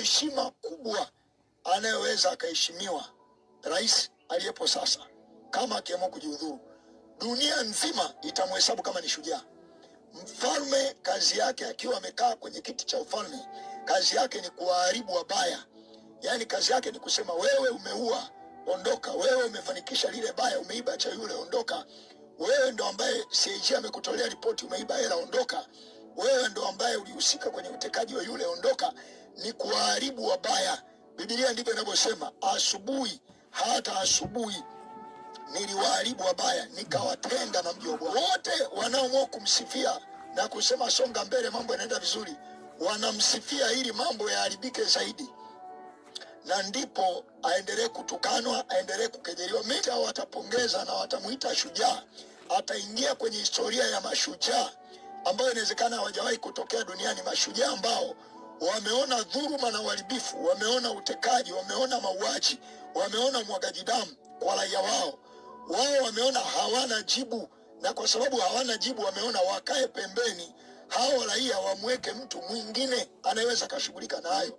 heshima kubwa anayeweza akaheshimiwa rais aliyepo sasa, kama akiamua kujiudhuru, dunia nzima itamhesabu kama ni shujaa. Mfalme kazi yake akiwa amekaa kwenye kiti cha ufalme, kazi yake ni kuwaharibu wabaya, yaani kazi yake ni kusema wewe umeua, ondoka. Wewe umefanikisha lile baya, umeiba cha yule, ondoka. Wewe ndo ambaye CAG amekutolea ripoti, umeiba hela, ondoka wewe ndo ambaye ulihusika kwenye utekaji wa yule, ondoka, ni kuwaharibu wabaya. Biblia ndivyo inavyosema, asubuhi hata asubuhi niliwaharibu wabaya, nikawatenga na mjogo. Wote wanaoamua kumsifia na kusema songa mbele, mambo yanaenda vizuri, wanamsifia ili mambo yaharibike zaidi, na ndipo aendelee kutukanwa, aendelee kukejeliwa. Mita watapongeza na watamwita shujaa, ataingia kwenye historia ya mashujaa ambayo inawezekana hawajawahi kutokea duniani, mashujaa ambao wameona dhuluma na uharibifu, wameona utekaji, wameona mauaji, wameona mwagaji damu kwa raia wao. Wao wameona hawana jibu, na kwa sababu hawana jibu, wameona wakae pembeni, hao raia wamweke mtu mwingine anayeweza akashughulika nayo.